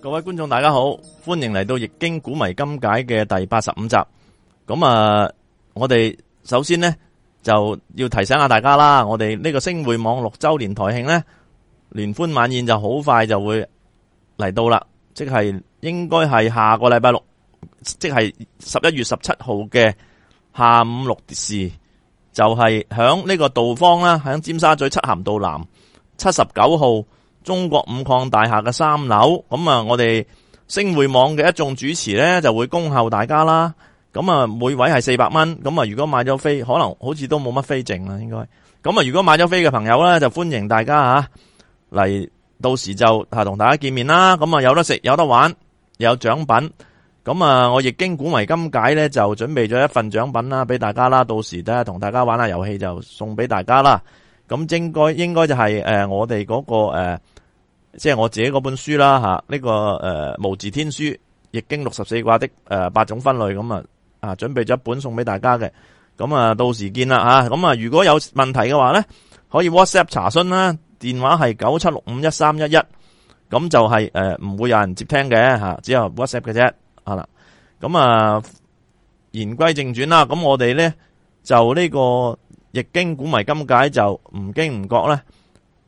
各位觀眾，大家好，歡迎嚟到《易經古謎今解》嘅第八十五集。咁啊，我哋首先呢就要提醒下大家啦，我哋呢個星匯網六周年台慶呢，聯歡晚宴就好快就會嚟到啦，即係應該係下個禮拜六，即係十一月十七號嘅下午六時，就係響呢個道方啦，響尖沙咀七咸道南七十九號。中國五礦大廈嘅三樓，咁啊，我哋星匯網嘅一眾主持呢，就會恭候大家啦。咁啊，每位係四百蚊，咁啊，如果買咗飛，可能好似都冇乜飛剩啦，應該。咁啊，如果買咗飛嘅朋友呢，就歡迎大家啊嚟，到時就同大家見面啦。咁啊，有得食，有得玩，有獎品。咁啊，我《易經古謎今解》呢，就準備咗一份獎品啦，俾大家啦。到時都同大家玩下遊戲就送俾大家啦。咁應該應該就係誒，我哋嗰個誒，即係我自己嗰本書啦吓，呢個誒《無字天書》易經六十四卦的誒八種分類咁啊，啊準備咗一本送俾大家嘅，咁啊到時見啦吓，咁啊如果有問題嘅話咧，可以 WhatsApp 查詢啦，電話係九七六五一三一一，咁就係誒唔會有人接聽嘅吓，只有 WhatsApp 嘅啫，好啦，咁啊言歸正傳啦，咁我哋咧就呢個。易經古謎今解就唔經唔覺咧，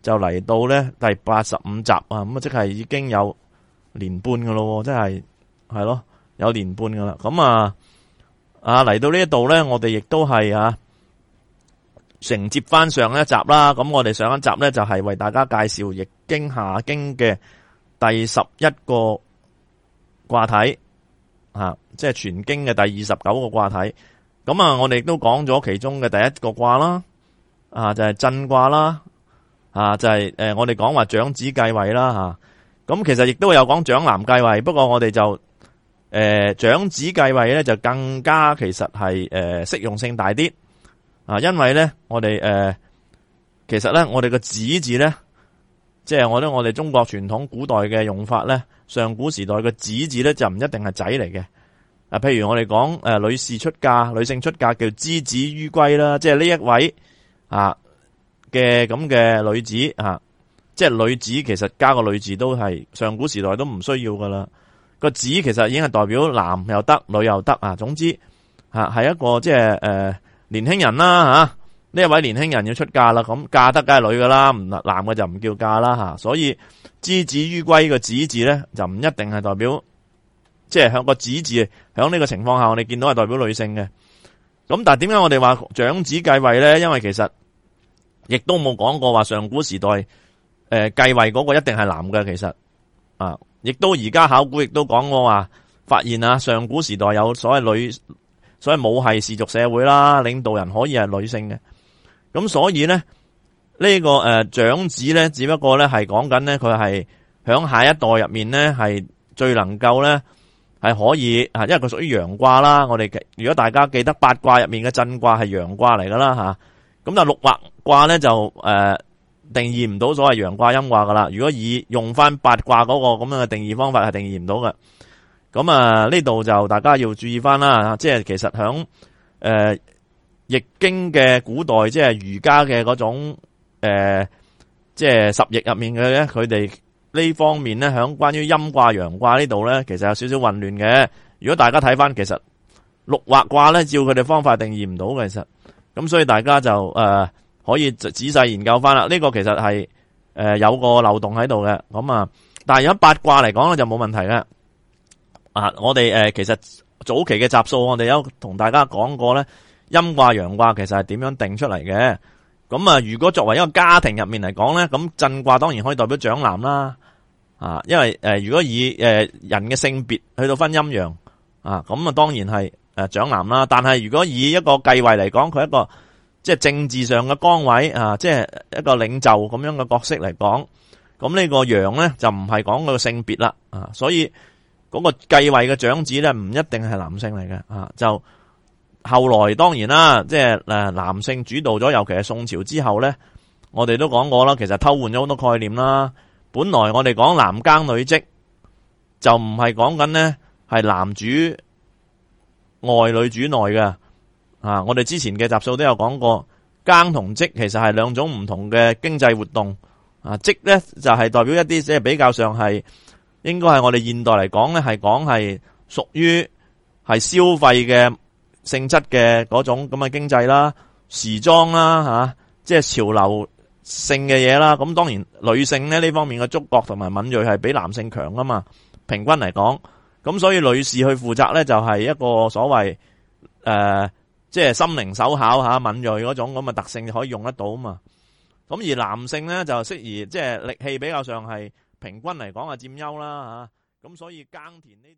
就嚟到咧第八十五集啊，咁啊，即係已經有年半噶咯，即係係咯有年半噶啦。咁啊啊嚟到呢一度咧，我哋亦都係啊承接返上，上一集啦。咁我哋上一集咧就係為大家介紹易經下經嘅第十一個卦體，啊，即係全經嘅第二十九個卦體。咁啊，我哋都講咗其中嘅第一個卦啦，啊就係、是、震卦啦，啊就係、是、誒我哋講話長子繼位啦吓，咁其實亦都有講長男繼位，不過我哋就誒、呃、長子繼位咧就更加其實係誒適用性大啲啊，因為咧我哋誒、呃、其實咧我哋個子字咧，即、就、係、是、我咧我哋中國傳統古代嘅用法咧，上古時代個子字咧就唔一定係仔嚟嘅。啊，譬如我哋講誒，女士出嫁，女性出嫁叫之子于歸啦，即係呢一位啊嘅咁嘅女子啊，即係女子其實加個女字都係上古時代都唔需要噶啦，個子其實已經係代表男又得，女又得啊，總之啊係一個即係誒年輕人啦吓，呢一位年輕人要出嫁啦，咁嫁得梗係女噶啦，唔男嘅就唔叫嫁啦吓，所以之子于歸個子字咧就唔一定係代表。即係響個子字，響呢個情況下，我哋見到係代表女性嘅。咁但係點解我哋話長子繼位呢？因為其實亦都冇講過話上古時代誒繼位嗰個一定係男嘅。其實啊，亦都而家考古亦都講過話，發現啊上古時代有所謂女，所謂母系氏族社會啦，領導人可以係女性嘅。咁所以呢，呢個誒長子呢，只不過呢係講緊呢，佢係響下一代入面呢，係最能夠呢。係可以啊，因為佢屬於陽卦啦。我哋如果大家記得八卦入面嘅震卦係陽卦嚟噶啦吓，咁但六畫卦咧就誒、呃、定義唔到所謂陽卦陰卦噶啦。如果以用翻八卦嗰，那個咁樣嘅定義方法係定義唔到嘅。咁啊呢度就大家要注意翻啦，即係其實響誒、呃、易經嘅古代，即係儒家嘅嗰種誒、呃、即係十翼入面嘅咧，佢哋。呢方面咧，響關於陰卦、陽卦呢度咧，其實有少少混亂嘅。如果大家睇翻，其實六畫卦咧，照佢哋方法定義唔到嘅，其實咁所以大家就誒、呃、可以仔細研究翻啦。呢、這個其實係誒、呃、有個漏洞喺度嘅。咁啊，但係如果八卦嚟講咧，就冇問題嘅。啊，我哋誒、呃、其實早期嘅集數，我哋有同大家講過咧，陰卦、陽卦其實係點樣定出嚟嘅。咁啊，如果作為一個家庭入面嚟講咧，咁震卦當然可以代表長男啦。啊，因為誒，如果以誒人嘅性別去到分陰陽啊，咁啊當然係誒長男啦。但係如果以一個繼位嚟講，佢一個即係政治上嘅崗位啊，即係一個領袖咁樣嘅角色嚟講，咁呢個陽咧就唔係講佢個性別啦啊，所以嗰個繼位嘅長子咧唔一定係男性嚟嘅啊，就後來當然啦，即係誒男性主導咗，尤其係宋朝之後咧，我哋都講過啦，其實偷換咗好多概念啦。本來我哋講男耕女織就唔係講緊呢，係男主外女主內嘅啊！我哋之前嘅集數都有講過，耕同織其實係兩種唔同嘅經濟活動啊。織呢就係代表一啲即係比較上係應該係我哋現代嚟講呢係講係屬於係消費嘅性質嘅嗰種咁嘅經濟啦、時裝啦吓，即係潮流。性嘅嘢啦，咁當然女性咧呢方面嘅觸覺同埋敏銳係比男性強啊嘛，平均嚟講，咁所以女士去負責咧就係一個所謂誒即係心靈手巧吓敏銳嗰種咁嘅特性可以用得到啊嘛，咁而男性咧就適宜即係力氣比較上係平均嚟講啊佔優啦吓，咁所以耕田呢啲